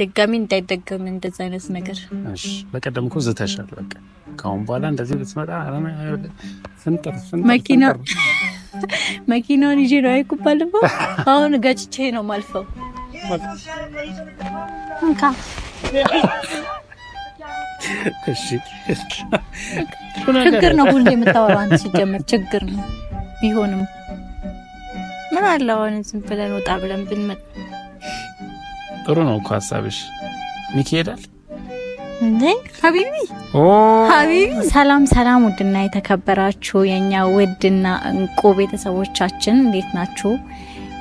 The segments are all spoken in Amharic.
ድጋሚ እንዳይደገም እንደዚ አይነት ነገር በቀደም እኮ ዝተሻል። በቃ ከአሁን በኋላ እንደዚህ ብትመጣ መኪናውን ይዤ ነው አይኩባል። አሁን ገጭቼ ነው ማልፈው። ችግር ነው ሁሌ የምታወራው አንተ። ሲጀመር ችግር ነው ቢሆንም ምን አለ አሁን ዝም ብለን ወጣ ብለን ብንመጣ ጥሩ ነው እኮ ሀሳብሽ። ሚኪ ይሄዳል እንዴ? ሀቢቢ ኦ ሀቢቢ። ሰላም ሰላም! ውድና የተከበራችሁ የኛ ውድና እንቁ ቤተሰቦቻችን እንዴት ናችሁ?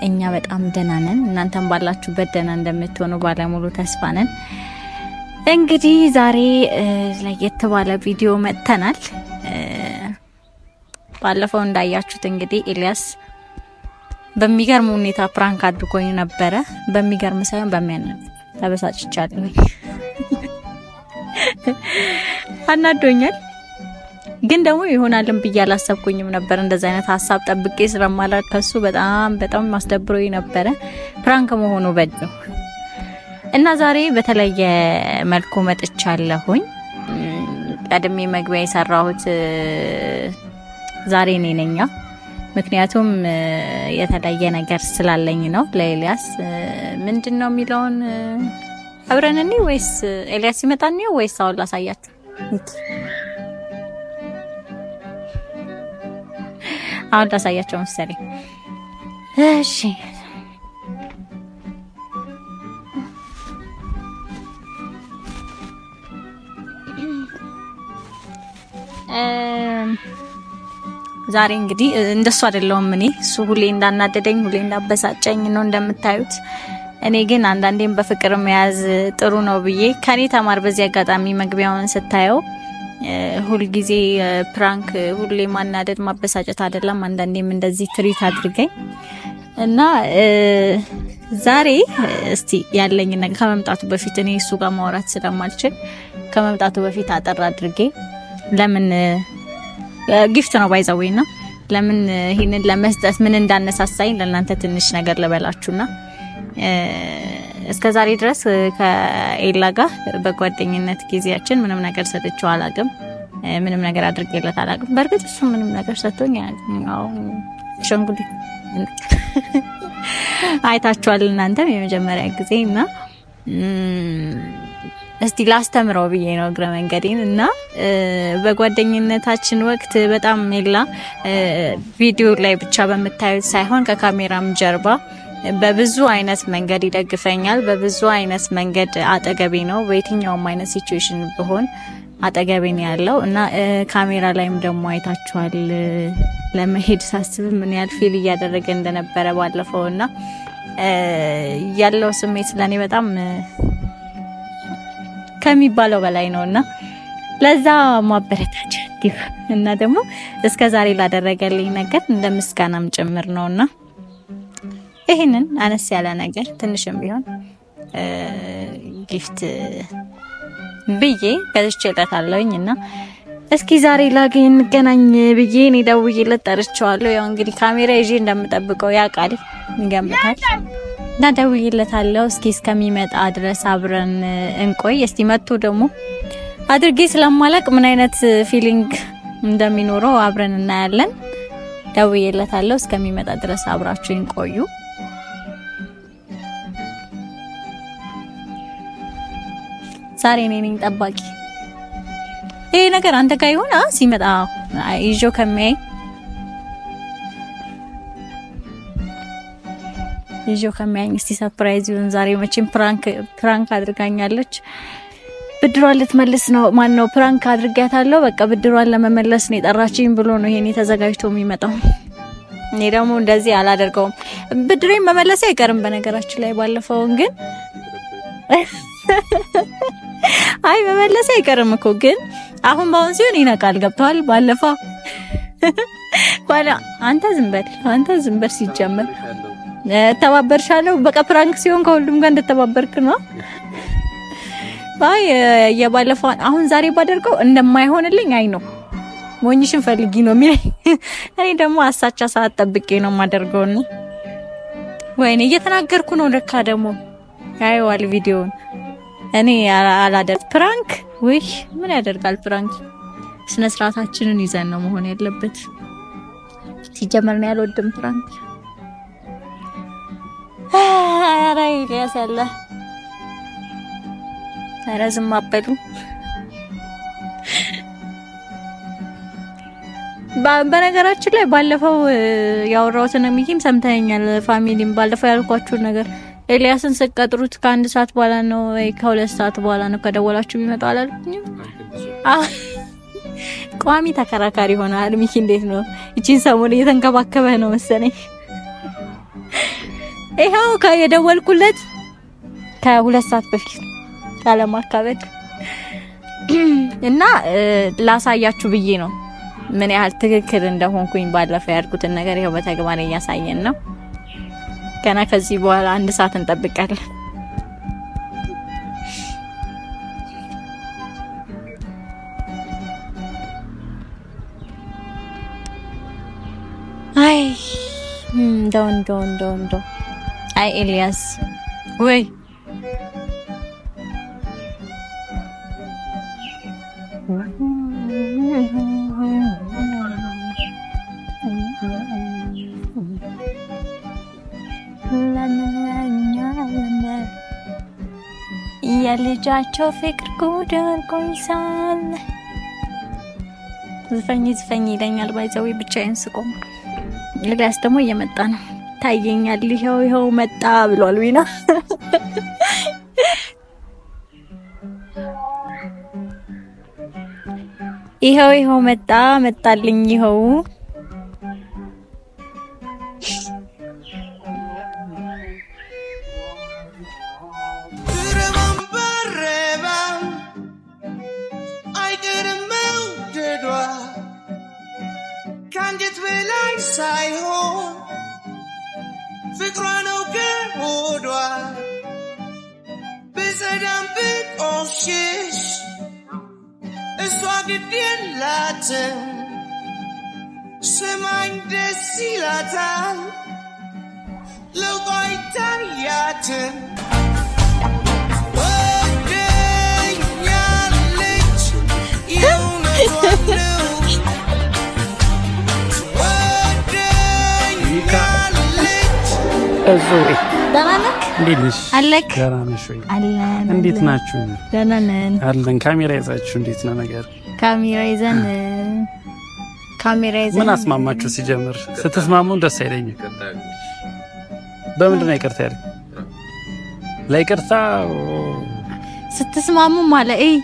እኛ በጣም ደህና ነን። እናንተም ባላችሁበት ደህና እንደምትሆኑ ባለሙሉ ተስፋ ነን። እንግዲህ ዛሬ ለየት ባለ ቪዲዮ መጥተናል። ባለፈው እንዳያችሁት እንግዲህ ኤልያስ በሚገርም ሁኔታ ፕራንክ አድርጎኝ ነበረ። በሚገርም ሳይሆን በሚያነብ ተበሳጭቻለሁ። አናዶኛል፣ ግን ደግሞ ይሆናልን ብዬ አላሰብኩኝም ነበር። እንደዚህ አይነት ሀሳብ ጠብቄ ስለማላቅ ከሱ በጣም በጣም አስደብሮኝ ነበረ። ፕራንክ መሆኑ በድነው እና ዛሬ በተለየ መልኩ መጥቻለሁኝ። ቀድሜ መግቢያ የሰራሁት ዛሬ እኔ ነኝ። ምክንያቱም የተለየ ነገር ስላለኝ ነው። ለኤልያስ ምንድን ነው የሚለውን አብረን እኔ ወይስ ኤልያስ ይመጣን ወይስ አሁን ላሳያችሁ። አሁን ላሳያቸው መሰለኝ። እሺ Um... ዛሬ እንግዲህ እንደሱ አይደለውም እኔ። እሱ ሁሌ እንዳናደደኝ ሁሌ እንዳበሳጨኝ ነው እንደምታዩት። እኔ ግን አንዳንዴም በፍቅር መያዝ ጥሩ ነው ብዬ ከኔ ተማር። በዚህ አጋጣሚ መግቢያውን ስታየው ሁልጊዜ ፕራንክ፣ ሁሌ ማናደድ፣ ማበሳጨት አይደለም። አንዳንዴም እንደዚህ ትሪት አድርገኝ እና ዛሬ እስቲ ያለኝ ነገር ከመምጣቱ በፊት እኔ እሱ ጋር ማውራት ስለማልችል ከመምጣቱ በፊት አጠር አድርጌ ለምን ጊፍት ነው ባይዛዌ ና ለምን ይህንን ለመስጠት ምን እንዳነሳሳኝ ለእናንተ ትንሽ ነገር ልበላችሁና እስከ ዛሬ ድረስ ከኤላ ጋር በጓደኝነት ጊዜያችን ምንም ነገር ሰጥቼው አላቅም። ምንም ነገር አድርጌለት አላቅም። በእርግጥ እሱ ምንም ነገር ሰጥቶኝ ሸንጉዴ አይታችኋል እናንተም የመጀመሪያ ጊዜ እና እስቲ ላስተምረው ብዬ ነው እግረ መንገዴን እና በጓደኝነታችን ወቅት በጣም ሜላ ቪዲዮ ላይ ብቻ በምታዩት ሳይሆን ከካሜራም ጀርባ በብዙ አይነት መንገድ ይደግፈኛል። በብዙ አይነት መንገድ አጠገቤ ነው። በየትኛውም አይነት ሲትዌሽን ብሆን አጠገቤን ያለው እና ካሜራ ላይም ደግሞ አይታችኋል። ለመሄድ ሳስብ ምን ያህል ፊል እያደረገ እንደነበረ ባለፈው እና ያለው ስሜት ለእኔ በጣም ከሚባለው በላይ ነው እና ለዛ ማበረታቻ እና ደግሞ እስከ ዛሬ ላደረገልኝ ነገር እንደ ምስጋናም ጭምር ነው እና ይህንን አነስ ያለ ነገር ትንሽም ቢሆን ጊፍት ብዬ ገዝቼ ገዝቼለታለሁኝ እና እስኪ ዛሬ ላገኝ እንገናኝ ብዬ እኔ ደውዬለት ጠርቼዋለሁ። ያው እንግዲህ ካሜራ ይዤ እንደምጠብቀው ያውቃል፣ ይገምታል። እና እናደውይለታለሁ። እስኪ እስከሚመጣ ድረስ አብረን እንቆይ። እስቲ መጥቶ ደግሞ አድርጌ ስለማላቅ ምን አይነት ፊሊንግ እንደሚኖረው አብረን እናያለን። ደውዬለታለሁ። እስከሚመጣ ድረስ አብራችሁ እንቆዩ ዛሬ እኔ ነኝ ጠባቂ። ይሄ ነገር አንተ ጋር ይሆን? ሲመጣ ይዤው ከሚያይ ይዤው ከሚያኝ እስቲ ሰርፕራይዝ ይሁን ዛሬ መቼም ፕራንክ ፕራንክ አድርጋኛለች። ብድሯን ልትመልስ ነው። ማን ነው ፕራንክ አድርጊያታለሁ፣ በቃ ብድሯን ለመመለስ ነው የጠራችኝ ብሎ ነው ይሄኔ ተዘጋጅቶ የሚመጣው። እኔ ደግሞ እንደዚህ አላደርገውም። ብድሬን መመለሴ አይቀርም በነገራችን ላይ ባለፈውን ግን አይ መመለስ አይቀርም እኮ ግን አሁን በአሁን ሲሆን ይነቃል። ገብቷል። ባለፈው ባላ አንተ ዝም በል አንተ ዝም በል ሲጀመር ተባበርሻለሁ። በቃ ፕራንክ ሲሆን ከሁሉም ጋር እንደተባበርክ ነው። አይ የባለፈው አሁን ዛሬ ባደርገው እንደማይሆንልኝ አይ ነው ሞኝሽን ፈልጊ ነው የሚለኝ። እኔ ደግሞ አሳቻ ሰዓት ጠብቄ ነው የማደርገው። ነው ወይኔ እየተናገርኩ ነው ለካ ደግሞ ያየዋል ቪዲዮውን። እኔ አላደር ፕራንክ ወይ ምን ያደርጋል ፕራንክ። ስነ ስርዓታችንን ይዘን ነው መሆን ያለበት። ሲጀመር ነው ያልወድም ፕራንክ ኧረ ኤልያስ ያለ ዝም አበሉ። በነገራችን ላይ ባለፈው ያወራሁትን ሚኪም ሰምተኛል። ፋሚሊም ባለፈው ያልኳችሁን ነገር ኤልያስን ስቀጥሩት ከአንድ ሰዓት በኋላ ነው ወይ ከሁለት ሰዓት በኋላ ነው ከደወላችሁ የሚመጣው አላልኩኝም? ቋሚ ተከራካሪ ሆናል። ሚኪ እንዴት ነው? ይቺን ሰሞን እየተንከባከበ ነው መሰለኝ ይኸው የደወልኩለት ከሁለት ሰዓት በፊት ያለማካበድ እና ላሳያችሁ ብዬ ነው ምን ያህል ትክክል እንደሆንኩኝ ባለፈው ያልኩትን ነገር ይኸው በተግባር እያሳየን ነው። ገና ከዚህ በኋላ አንድ ሰዓት እንጠብቃለን። አይ እንደው እንደው እንደው እንደው አይ ኤልያስ ወይ የልጃቸው ፍቅር ጉድ አድርጎኛል። ዝፈኝ ዝፈኝ ይለኛል። ባይዘዊ ብቻዬን ስቆም ኤልያስ ደግሞ እየመጣ ነው። ይታየኛል። ይኸው ይኸው መጣ ብሏል ዊና። ይኸው ይኸው መጣ መጣልኝ። ይኸው ሳይሆን Fait croire nos cœurs au doigt. Baiser d'un but, on cherche. Et soit que vienne la terre. እንዴት ናችሁ? ደህና ነን አለን። ካሜራ ይዛችሁ እንዴት ነው ነገር? ካሜራ ይዘን ካሜራ ይዘን ምን አስማማችሁ? ሲጀምር ስትስማሙን ደስ አይለኝም። በምንድን ነው ይቅርታ ያለኝ? ለይቅርታ ስትስማሙ ማለት እይ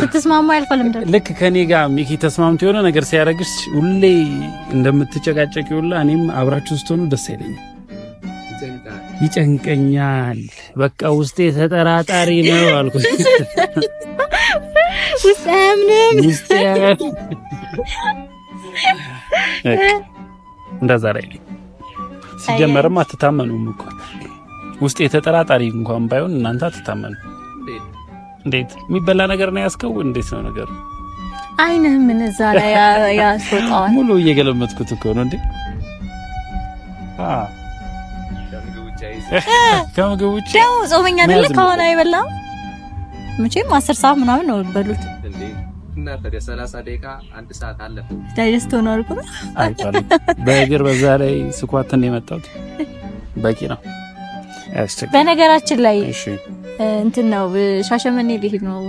ስትስማሙ አልፈልም። ልክ ከኔ ጋር ሚኪ ተስማምቶ የሆነ ነገር ሲያደርግሽ ሁሌ እንደምትጨቃጨቂ ሁላ እኔም አብራችሁ ስትሆኑ ደስ አይለኝም። ይጨንቀኛል። በቃ ውስጤ ተጠራጣሪ ነው አልኩ። እንደዛ ላይ ሲጀመርም አትታመኑም እኮ ውስጤ ተጠራጣሪ እንኳን ባይሆን እናንተ አትታመኑ። እንዴት የሚበላ ነገር ነው ያስከው? እንዴት ነው ነገሩ? አይነህ ምን እዛ ላይ ያስወጣዋል። ሙሉ እየገለመጥኩት እኮ ነው እንዴ? ከምግብ ውጭ ደው ጾመኛ አይደለ ከሆነ አይበላም። መቼም አስር ሰዓት ምናምን ነው በሉት እና ታዲያ 30 ደቂቃ አንድ ሰዓት አለፈ። ዳይጀስት ሆኖ አልኩ በእግር በዛ ላይ ስኳት የመጣሁት። በቂ ነው። በነገራችን ላይ እንትን ነው ሻሸመኔ ሊሄድ ነው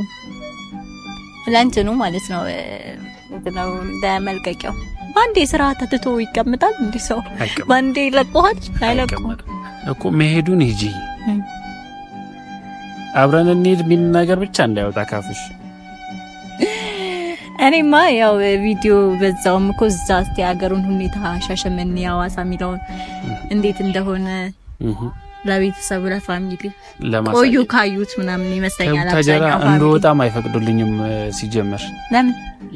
ለእንትኑ ማለት ነው ነው ለመልቀቂያው። ባንዴ ስራ ተትቶ ይቀምጣል እንዲህ ሰው ባንዴ ይለቀዋል አይለቀውም። እኮ መሄዱን ሂጂ አብረን እንሂድ የሚል ነገር ብቻ እንዳይወጣ ካፍሽ። እኔማ ያው ቪዲዮ በዛውም እኮ እዛ እስቲ ሀገሩን ሁኔታ ሻሸመኔ፣ አዋሳ የሚለውን እንዴት እንደሆነ ለቤተሰቡ ለፋሚሊ ቆዩ ካዩት ምናምን ይመስለኛል። ታጀራ እንደወጣም አይፈቅዱልኝም ሲጀመር። ለምን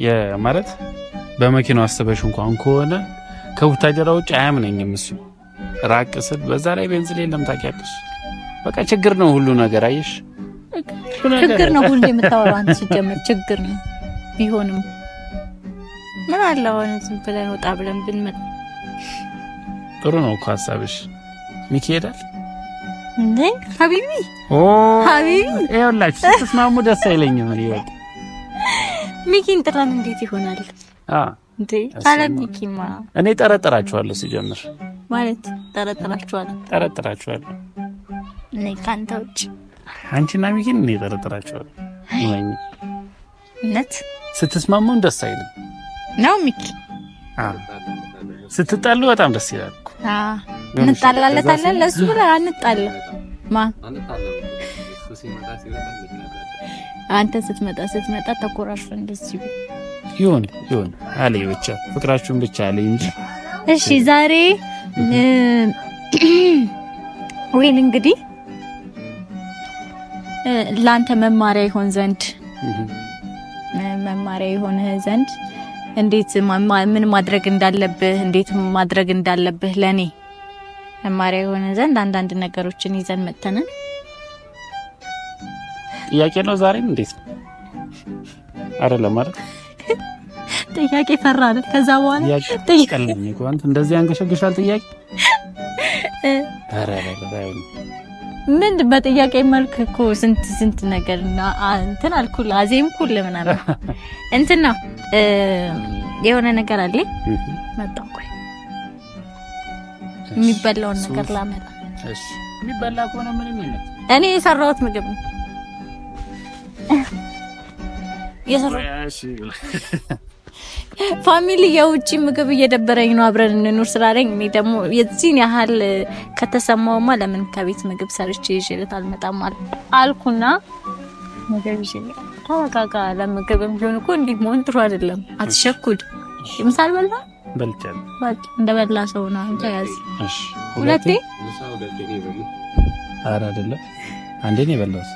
የማለት በመኪናው አስበሽ እንኳን ከሆነ ከቡታጀራ ውጭ አያምነኝም እሱ ራቅ ስል በዛ ላይ ቤንዝል የለም ታውቂያለሽ። በቃ ችግር ነው ሁሉ ነገር አየሽ፣ ችግር ነው ሁሉ የምታወራው አንተ ሲጀምር ችግር ነው ቢሆንም ምን አለ አሁን ዝም ብለን ወጣ ብለን ብንመጣ ጥሩ ነው እኮ ሀሳብሽ። ሚኪ ይሄዳል እንዴ? ሀቢቢ ኦ ሀቢቢ ይኸውላችሁ ስትስማሙ ደስ አይለኝም። እኔ በቃ ሚኪን ጥራን እንዴት ይሆናል? አ እንዴ ካለ ሚኪማ እኔ ጠረጠራችኋለሁ ሲጀምር ማለት ጠረጥራችኋል ጠረጥራችኋል እኔ ከአንተ ውጭ አንቺና ሚኪን እኔ ጠረጥራችኋል እውነት ስትስማሙም ደስ አይልም ነው ሚኪ ስትጣሉ በጣም ደስ ይላል እንጣላለታለን ለሱ ብለህ አንጣለ ማ አንተ ስትመጣ ስትመጣ ተኮራሽፈ እንደዚሁ ይሁን ይሁን አለ ብቻ ፍቅራችሁን ብቻ አለ እንጂ እሺ ዛሬ ወይን እንግዲህ ላንተ መማሪያ ይሆን ዘንድ መማሪያ የሆነ ዘንድ እንዴት ምን ማድረግ እንዳለብህ እንዴት ማድረግ እንዳለብህ ለኔ መማሪያ የሆነ ዘንድ አንዳንድ ነገሮችን ይዘን መጥተናል። ጥያቄ ነው ዛሬም እንዴት ነው አይደለም ማለት ጥያቄ ፈራል። ከዛ በኋላ ጥያቄ እንደዚህ ያንገሸግሻል። ጥያቄ ምን በጥያቄ መልክ እኮ ስንት ስንት ነገር እንትን አልኩል አዜም ኩል ምናምን እንትን ነው የሆነ ነገር አለ መጣው ቆይ የሚበላውን ነገር ላመጣ። እሺ የሚበላ ከሆነ ምንም የለም። እኔ የሰራሁት ምግብ ነው የሰራሁት። እሺ ፋሚሊ የውጭ ምግብ እየደበረኝ ነው አብረን እንኑር ስላለኝ እኔ ደግሞ የዚህን ያህል ከተሰማውማ ለምን ከቤት ምግብ ሰርቼ ይዤለት አልመጣም አልኩና ምግብ ይዤ ተረጋጋ። ለምግብም ቢሆን እኮ እንዲህ መሆን ጥሩ አይደለም። አትሸኩድ። ምሳ በልቻል በልቻለሁ። እንደበላ ሰው ነው አንተ። ያዝ ሁለቴ። ኧረ አይደለም አንዴ ነው የበላሁት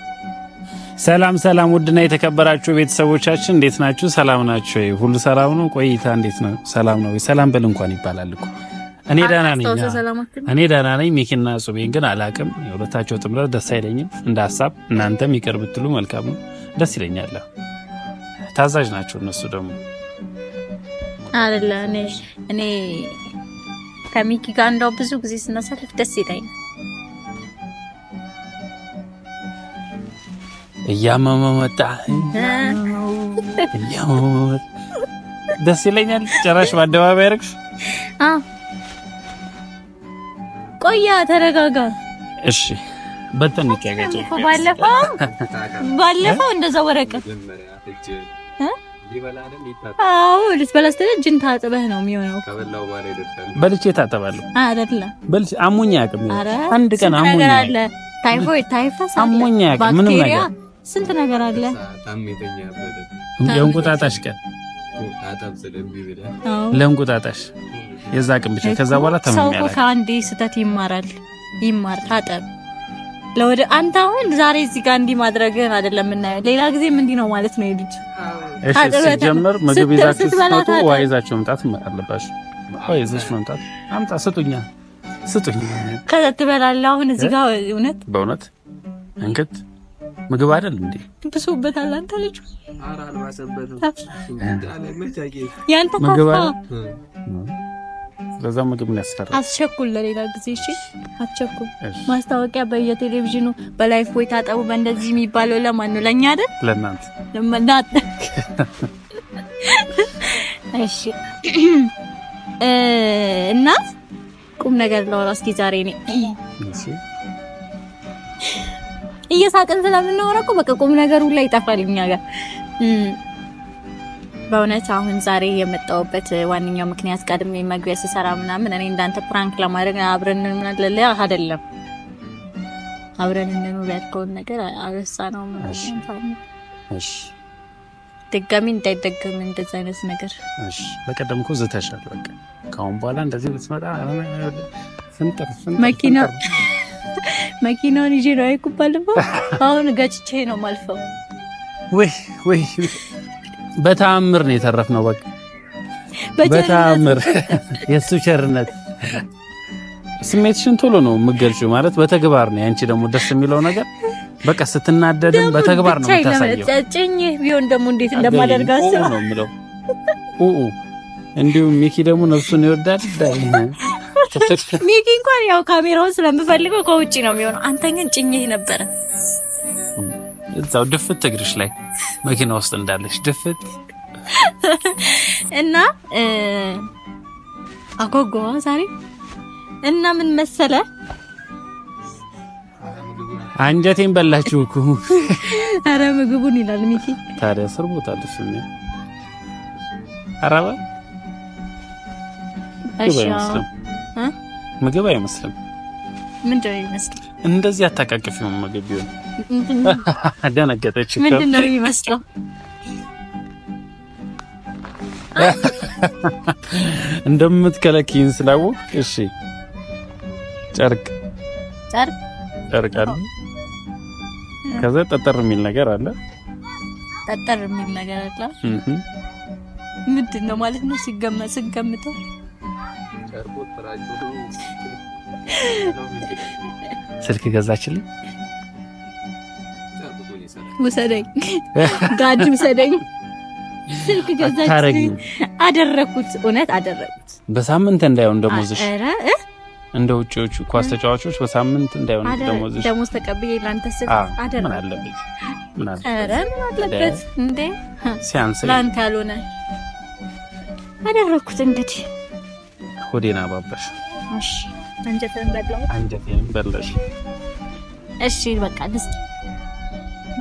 ሰላም ሰላም፣ ውድና የተከበራችሁ ቤተሰቦቻችን እንዴት ናችሁ? ሰላም ናችሁ? ሁሉ ሰላም ነው? ቆይታ እንዴት ነው? ሰላም ነው? ሰላም በል እንኳን ይባላል እኮ እኔ ደህና ነኝ። እኔ ደህና ነኝ። ሚኪና ጹቤን ግን አላቅም። የሁለታቸው ጥምረት ደስ አይለኝም እንደ ሀሳብ። እናንተም ይቅር ብትሉ መልካም ነው፣ ደስ ይለኛል። ታዛዥ ናቸው እነሱ ደግሞ አለ እኔ ከሚኪ ጋር እንደው ብዙ ጊዜ ስናሳልፍ ደስ ይለኛል። እያመመ መጣ እያመመ መጣ። ደስ ይለኛል። ጭራሽ በአደባባይ አደረግሽ። ቆያ ተረጋጋ። እሺ በተን ይቀያጭ። ባለፈው ባለፈው እንደዛ ወረቀት አዎ ልትበላ ስትል እጅን ታጥበህ ነው የሚሆነው። በልቼ ታጠባለሁ አይደለ? በልቼ አሞኝ አያውቅም። አንድ ቀን አሞኝ አያውቅም። ታይፎይድ ታይፈስ አሞኝ አያውቅም ምንም ነገር ስንት ነገር አለ። የእንቁጣጣሽ ቀን ለእንቁጣጣሽ የዛ ቀን ብቻ። ከዛ በኋላ ሰው ከአንዴ ስህተት ይማራል። ይማር ታጠብ። ለወደ አንተ አሁን ዛሬ እዚህ ጋር እንዲህ ማድረግህን አይደለም የምናየው፣ ሌላ ጊዜም እንዲህ ነው ማለት ነው። የልጅ ሲጀምር ምግብ ይዛችሁ ስትመጡ ውሃ ይዛችሁ መምጣት አለባችሁ። ውሃ ይዘሽ መምጣት አምጣ፣ ስጡኛ፣ ስጡኝ። ከዛ ትበላለህ። አሁን እዚህ ጋር እውነት በእውነት እንክት ምግብ አይደል እንዴ? ብሶበታል። አንተ ልጅ ለዛ ምግብ ያስፈራ። አስቸኩል፣ ለሌላ ጊዜ እሺ፣ አስቸኩል። ማስታወቂያ በየቴሌቪዥኑ በላይፍ ቦይ ታጠቡ፣ በእንደዚህ የሚባለው ለማን ነው? ለእኛ አይደል? ለእናንተ ለማናት። እሺ። እና ቁም ነገር ላውራ እስኪ ዛሬ ኔ እየሳቅን ስለምናወራ እኮ በቃ ቁም ነገሩ ላይ ይጠፋል እኛ ጋር። በእውነት አሁን ዛሬ የመጣውበት ዋነኛው ምክንያት ቀድሜ መግቢያ ስሰራ ምናምን እኔ እንዳንተ ፕራንክ ለማድረግ አብረን ምናለለ አይደለም አብረን እንኑር ያልከውን ነገር አረሳ ነው ድጋሚ እንዳይደገም እንደዚ አይነት ነገር በቀደም እኮ ዝተሻል። በቃ ከአሁን በኋላ እንደዚህ ብትመጣ መኪና መኪናውን ይዤ ነው አይኩባልፈው አሁን ገጭቼ ነው ማልፈው። ወይ ወይ በተአምር ነው የተረፍነው። በቃ በተአምር የእሱ ቸርነት። ስሜትሽን ቶሎ ነው የምገልጪው ማለት በተግባር ነው። አንቺ ደግሞ ደስ የሚለው ነገር በቃ ስትናደድም በተግባር ነው የምታሳየው። ቢሆን ደግሞ እንዴት እንደማደርግ ነው የምለው። እንዲሁም ሚኪ ደግሞ ነፍሱን ይወዳል። ሚኪ እንኳን ያው ካሜራውን ስለምፈልገው ከውጭ ነው የሚሆነው። አንተ ግን ጭኝህ ነበረ እዛው ድፍት እግርሽ ላይ መኪና ውስጥ እንዳለሽ ድፍት እና አጓጓዋ ዛሬ እና ምን መሰለ አንጀቴን በላችሁ እኮ። አረ ምግቡን ይላል ሚኪ። ታዲያ ስርቦታል እሱ ነው። አረባ እሺ ምግብ አይመስልም። ምንድን ነው ይመስላል? እንደዚህ አታቃቅፊ ምግብ ቢሆን ደነገጠች። ምንድን ነው ይመስለው? እንደምትከለኪን ስላወቅ እሺ። ጨርቅ ጨርቅ ጨርቅ አለ። ከዛ ጠጠር የሚል ነገር አለ። ጠጠር የሚል ነገር አለ። ምንድን ነው ማለት ነው? ሲገመ ሲገምተው ስልክ ገዛችልኝ። ውሰደኝ፣ ጋድ ውሰደኝ። ስልክ ገዛችልኝ። አደረኩት፣ እውነት አደረኩት። በሳምንት እንዳይሆን ደሞዝሽ እንደ ውጭዎቹ ኳስ ተጫዋቾች በሳምንት እንዳይሆን ደሞዝሽ ደሞዝ ተቀብዬ ላንተ ስል አደረኩት። ምን አለበት? ምን ሲያንስ ላንተ ያልሆነ አደረኩት እንግዲህ ሆዴን አባበሽ፣ እሺ በቃ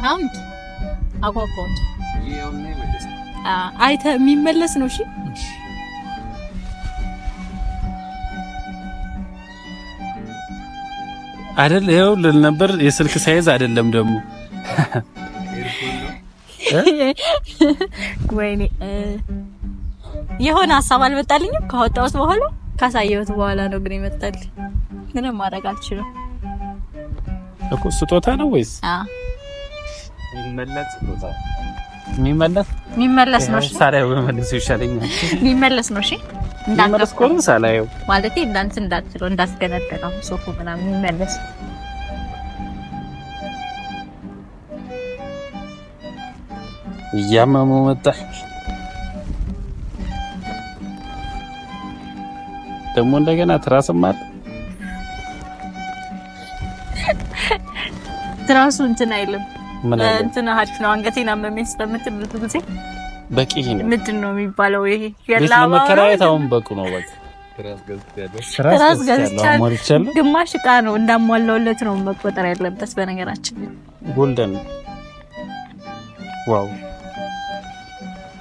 አሁን አጓጓሁት። አይተህ የሚመለስ ነው። እሺ አይደል? ይኸው ልል ነበር የስልክ ሳይዝ አይደለም ደግሞ ወይኔ የሆነ ሀሳብ አልመጣልኝም ካወጣሁት በኋላ ካሳየሁት በኋላ ነው ግን ይመጣል። ምንም ማድረግ አልችልም እኮ። ስጦታ ነው ወይስ የሚመለስ ስጦታ? የሚመለስ የሚመለስ ነው። እሺ ሳላየው በመለሱ ይሻለኛል። የሚመለስ ነው። እሺ እንዳትገፉ ሳላየው ማለቴ እንዳንተ እንዳትችለው እንዳትገነጠቀው ሶፉ ምናምን የሚመለስ እያመመው መጣ። ደግሞ እንደገና ትራስም አለ። ትራሱ እንትን አይልም። ምን እንትን አሪፍ ነው። አንገቴን አመመኝ ስለምትል ብዙ ጊዜ በቂ ነው። ምንድን ነው የሚባለው? ይሄ የላባ መከራየት አሁን በቁ ነው። በቃ ትራስ ገዝቻለሁ። ግማሽ ዕቃ ነው እንዳሟላውለት ነው መቆጠር ያለበት። በነገራችን ጎልደን ዋው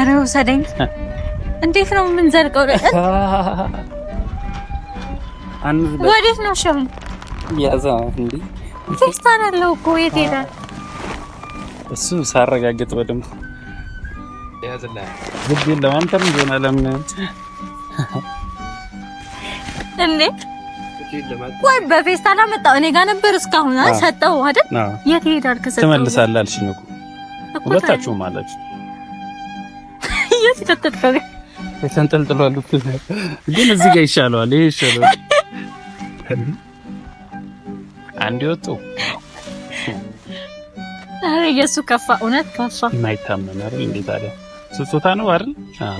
ኧረ ውሰደኝ። እንዴት ነው የምንዘልቀው? ወዴት ነው ሸምን ያዛ እንዴ? ፌስታን አለው እኮ የት ሄዳል? እሱ ሳረጋግጥ በደምብ ያዘላ የለም። አንተም ዜና ለምን እንዴ? ወይ በፌስታን አመጣው እኔ ጋር ነበር እስካሁን ሰጠው አይደል? የት ሄዳል? ከሰጠው ትመልሳለህ አልሽኝ እኮ ሁለታችሁም አላችሁ ተንጠልጥሏል። ግን እዚህ ጋር ይሻለዋል። ይሄ ይሻለዋል። አንድ ወጡ። አረ የሱ ከፋ፣ እውነት ከፋ። የማይታመን አይደል እንዴ? ታዲያ ስጦታ ነው አይደል?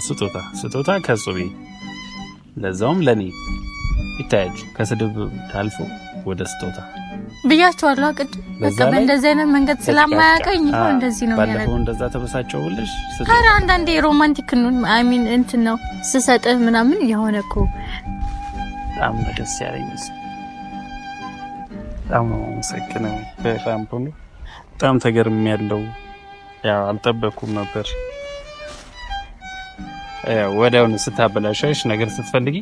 ስጦታ፣ ስጦታ ከጹቤ ለዛውም ለኔ ይታያችሁ። ከስድብ ታልፎ ወደ ስጦታ ብያቸዋለሁ አቅድ በቃ በእንደዚህ አይነት መንገድ ስለማያቀኝ ይሁን እንደዚህ ነው የሚያደርገው። ባለፈው እንደዛ ተበሳጨሁልሽ። ኧረ አንዳንዴ ሮማንቲክ ነው አይ ሚን እንትን ነው ስሰጥህ ምናምን የሆነ እኮ በጣም ደስ ያለኝ በጣም ነው የማመሰግነው። በጣም ሁሉ በጣም ተገርም ያለው ያው አልጠበኩም ነበር። ወዲያውን ወዲያውኑ ስታበላሻሽ ነገር ስትፈልጊ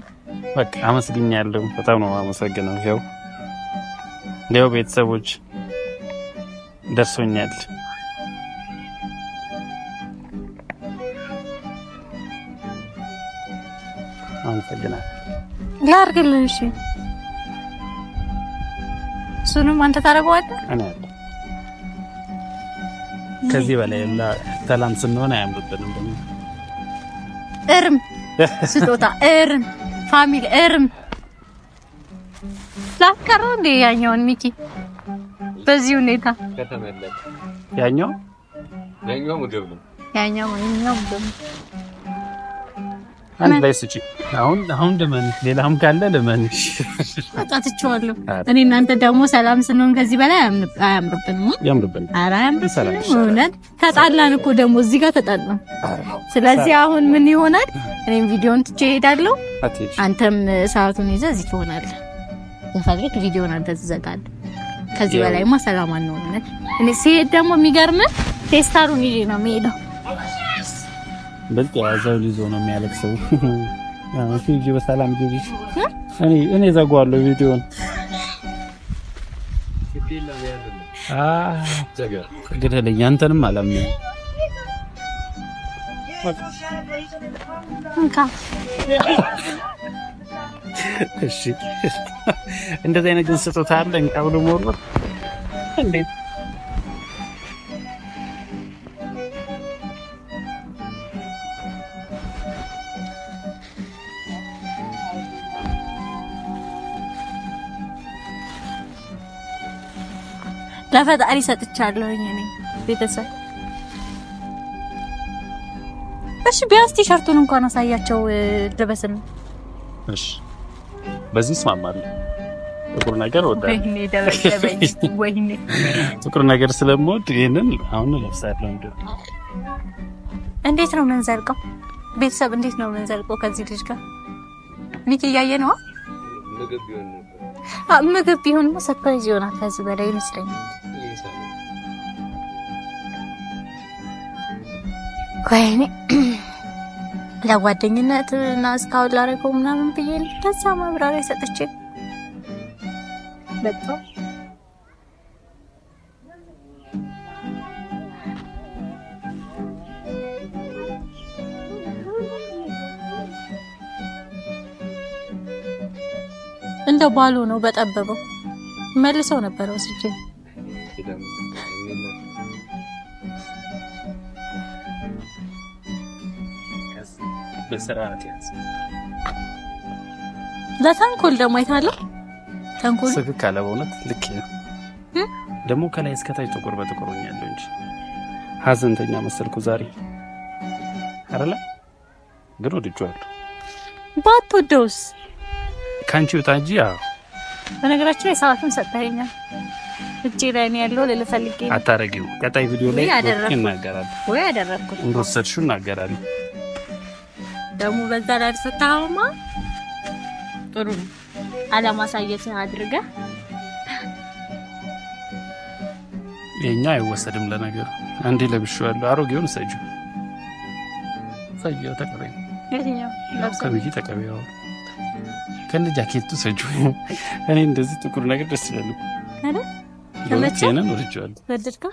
በቃ አመስግኛለሁ። በጣም ነው የማመሰግነው ያው ሌው ቤተሰቦች ደርሶኛል። አመሰግናለሁ። ላድርግልህ? እሺ፣ እሱንም አንተ ታደርገዋለህ። ከዚህ በላይ ሰላም ስንሆን አያምርብንም። እርም ስጦታ፣ እርም ፋሚሊ፣ እርም ላትቀረው እንዴ? ያኛውን ሚኪ በዚህ ሁኔታ ያኛው ያኛው ምግብ ነው ያኛው ያኛው ምግብ ነው። አንድ ላይ ስጪ። አሁን አሁን ደመን ሌላም ካለ ልመን አቃትቼዋለሁ። እኔ እናንተ ደግሞ ሰላም ስንሆን ከዚህ በላይ አያምርብንም፣ ያምርብን። ኧረ አያምርብንም። እውነት ተጣላን እኮ ደግሞ እዚህ ጋር ተጣላን። ስለዚህ አሁን ምን ይሆናል? እኔም ቪዲዮን ትቼ እሄዳለሁ፣ አንተም ሰዓቱን ይዘህ እዚህ ትሆናለህ። የፈለክ ቪዲዮን አንተ ትዘጋለህ። ከዚህ በላይማ ሰላም አንሆንነት። እኔ ሲሄድ ደግሞ የሚገርምህ ቴስታሩን ይዤ ነው የሚሄደው። ብልጥ ያዘው ልጆ ነው የሚያለቅሰው። እሺ በሰላም ልጅ እኔ እኔ ዘጓለሁ ቪዲዮን ግደለኝ። አንተንም አላምንም። እንካ እሺ እንደዚህ አይነት ግን ስጦታ አለ እንቀብሉ ሞሮ እንዴት ለፈጣሪ ሰጥቻለሁ እኔ ቤተሰብ እሺ ቢያንስ ቲሸርቱን እንኳን አሳያቸው ድረበስን እሺ በዚህ እስማማለሁ። ጥቁር ነገር ጥቁር ነገር ስለምወድ ይህንን አሁን ለብሳለሁ። እንዴት ነው ምንዘልቀው? ቤተሰብ እንዴት ነው ምንዘልቀው? ከዚህ ልጅ ጋር ልጅ እያየ ነው ምግብ ቢሆን ሰርፕራይዝ ይሆናል። ከዚህ በላይ ይመስለኛል። ወይኔ ለጓደኝነት እና እስካሁን ላደረገው ምናምን ብዬ ለዛ ማብራሪያ ሰጥቼ በጣም እንደ ባሉ ነው በጠበበው መልሰው ነበረው ስጅ በስርዓት ያዝ። ለተንኮል ደግሞ አይታለሁ። ተንኮል ስግክ ካለ በእውነት ልክ ነው። ደግሞ ከላይ እስከታች ጥቁር በጥቁር ሆኛለሁ እንጂ ሀዘንተኛ መሰልኩ ዛሬ አረለ። ግን ወድጄዋለሁ። ባትወደውስ ከአንቺ ውጣ እንጂ። አዎ በነገራችን ላይ ሰዓቱን ሰጥተኸኛል። እጅ ላይ ነው ያለው። ልልፈልግ አታረጊው። ቀጣይ ቪዲዮ ላይ ይናገራል ወይ አደረግኩት እንደወሰድሽው እናገራለን። ደግሞ በዛ ላይ ስታውማ ጥሩ ነው። አለማሳየት አድርገህ የኛ አይወሰድም። ለነገሩ አንዴ ያለው አሮጌውን ሰጁ ሰጁ ተቀበይ ከብይ ተቀበይ ከነ ጃኬቱ ሰጁ። እኔ እንደዚህ ጥቁር ነገር ደስ ይላል። አይደል? ወድጄዋለሁ። ወደድከው?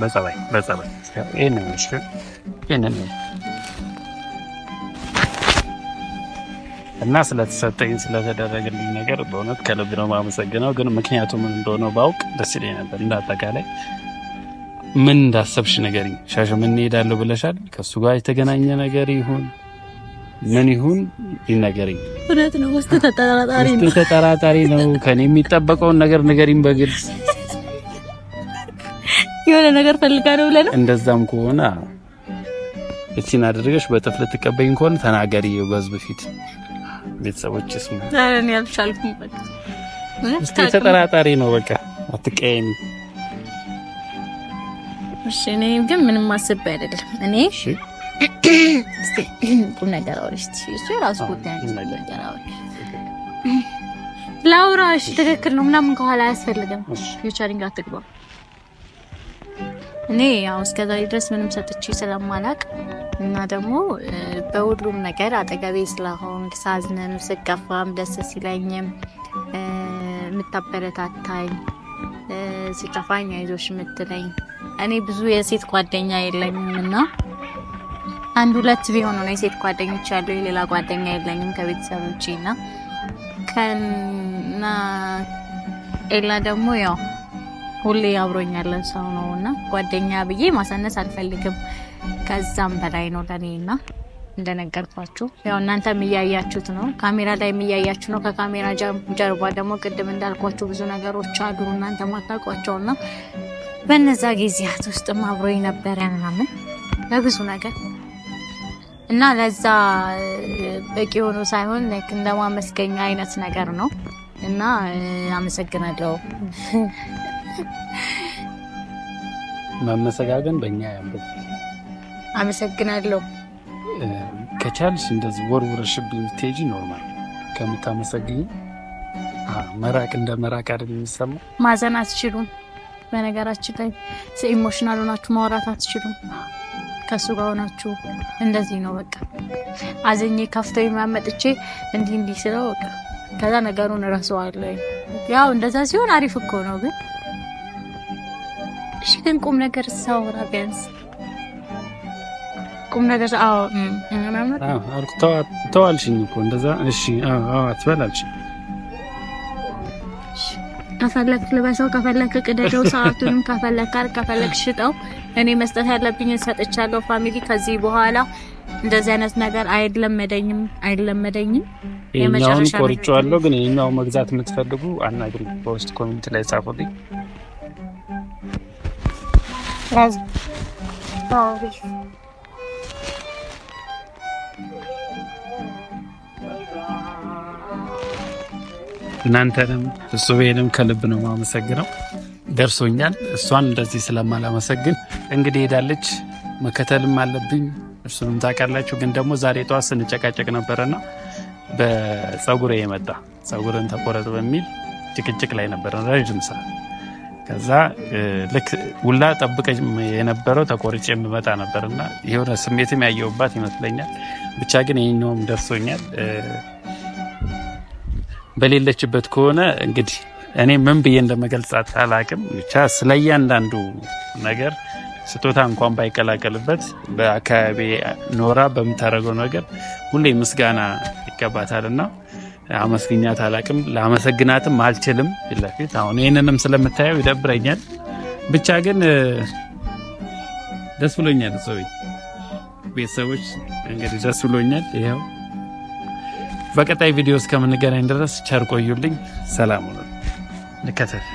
በጸባይ በጸባይ ይህን ይህንን እና ስለተሰጠኝ ስለተደረገልኝ ነገር በእውነት ከልብ ነው የማመሰግነው። ግን ምክንያቱ ምን እንደሆነ ባውቅ ደስ ይለኝ ነበር። እንዳጠቃላይ ምን እንዳሰብሽ ንገሪኝ። ምን እሄዳለሁ ብለሻል። ከእሱ ጋር የተገናኘ ነገር ይሁን ምን ይሁን ይነገርኝ። እውነት ነው ውስጥ ተጠራጣሪ ነው፣ ከኔ የሚጠበቀውን ነገር ንገሪኝ በግልጽ የሆነ ነገር ፈልጋ ነው ብለህ ነው? እንደዛም ከሆነ እቺን አድርገሽ በጥፍ ልትቀበይኝ ከሆነ ተናገሪ በህዝብ ፊት። ቤተሰቦች ስሙ። ዛሬ እኔ አልቻልኩም። በቃ እስቲ ተጠራጣሪ ነው። በቃ አትቀየሚ። እሺ፣ እኔ ግን ምንም አስቤ አይደለም። እኔ እሺ፣ እስቲ ቁም ነገር አውሪሽ። እሺ፣ ራስ ጉዳይ ነገር አውሪሽ። ላውራሽ ትክክል ነው ምናምን ከኋላ አያስፈልግም። ፊውቸሪንግ አትግባ እኔ ያው እስከ ዛሬ ድረስ ምንም ሰጥቼ ስለማላቅ እና ደግሞ በሁሉም ነገር አጠገቤ ስለሆንክ ሳዝንም ስከፋም ደስ ሲለኝም የምታበረታታኝ ሲከፋኝ አይዞሽ የምትለኝ እኔ ብዙ የሴት ጓደኛ የለኝም እና አንድ ሁለት ቢሆኑ ነው የሴት ጓደኞች ያለው የሌላ ጓደኛ የለኝም ከቤተሰብ ውጭ እና ከና ኤላ ደግሞ ያው ሁሌ አብሮኝ ያለ ሰው ነው እና ጓደኛ ብዬ ማሳነስ አልፈልግም። ከዛም በላይ ነው ለእኔ እና እንደነገርኳችሁ ያው እናንተም እያያችሁት ነው፣ ካሜራ ላይ የሚያያችሁ ነው። ከካሜራ ጀርባ ደግሞ ቅድም እንዳልኳችሁ ብዙ ነገሮች አሉ እናንተ ማታውቋቸው እና በነዛ ጊዜያት ውስጥም አብሮኝ ነበረ ምናምን ለብዙ ነገር እና ለዛ በቂ ሆኖ ሳይሆን እንደማመስገኛ አይነት ነገር ነው እና አመሰግናለሁ። ማመሰጋገን በእኛ ያምሩ። አመሰግናለሁ። ከቻልሽ እንደዚህ ወርውረሽብኝ ብትሄጂ ኖርማል። ከምታመሰግኝ መራቅ እንደ መራቅ አይደል የሚሰማ። ማዘን አትችሉም። በነገራችን ላይ ስኢሞሽናል ሆናችሁ ማውራት አትችሉም። ከእሱ ጋር ሆናችሁ እንደዚህ ነው በቃ አዘኜ ከፍቶ የሚያመጥቼ እንዲህ እንዲህ ስለው በቃ ከዛ ነገሩን እረሳዋለሁ። ያው እንደዛ ሲሆን አሪፍ እኮ ነው ግን ቁም ነገር ሳወራ ቢያንስ ቁም ነገር አዎ፣ ተዋልሽኝ እኮ እንደዛ። እሺ፣ አዎ፣ አትበላልሽ። ከፈለክ ልበሰው፣ ከፈለክ ቅደደው፣ ሰዓቱንም ከፈለክ አር ከፈለክ ሽጠው። እኔ መስጠት ያለብኝን ሰጥቻለሁ። ፋሚሊ፣ ከዚህ በኋላ እንደዚህ አይነት ነገር አይለመደኝም፣ አይለመደኝም። የመጨረሻ ቆርጬዋለሁ። ግን የኛው መግዛት የምትፈልጉ አናግሩኝ፣ በውስጥ ኮሚኒቲ ላይ ጻፉልኝ። Lazım. Tamam geç. እናንተንም እሱቤንም ከልብ ነው ማመሰግነው። ደርሶኛል። እሷን እንደዚህ ስለማላመሰግን እንግዲህ ሄዳለች፣ መከተልም አለብኝ። እሱንም ታውቃላችሁ። ግን ደግሞ ዛሬ ጠዋት ስንጨቃጨቅ ነበረና በፀጉሬ የመጣ ፀጉርን ተቆረጥ በሚል ጭቅጭቅ ላይ ነበረ ረዥም ሰዓት ከዛ ልክ ውላ ጠብቀ የነበረው ተቆርጬ የምመጣ ነበር እና የሆነ ስሜትም ያየውባት ይመስለኛል። ብቻ ግን ይህኛውም ደርሶኛል። በሌለችበት ከሆነ እንግዲህ እኔ ምን ብዬ እንደመገልጻት አላቅም። ብቻ ስለ እያንዳንዱ ነገር ስጦታ እንኳን ባይቀላቀልበት በአካባቢ ኖራ በምታደርገው ነገር ሁሌ ምስጋና ይገባታል እና አመስግኛት አላቅም፣ ለአመሰግናትም አልችልም ፊት ለፊት አሁን ይህንንም ስለምታየው ይደብረኛል። ብቻ ግን ደስ ብሎኛል። ሰው ቤተሰቦች እንግዲህ ደስ ብሎኛል። ይኸው በቀጣይ ቪዲዮ እስከምንገናኝ ድረስ ቸር ቆዩልኝ። ሰላም ልከተል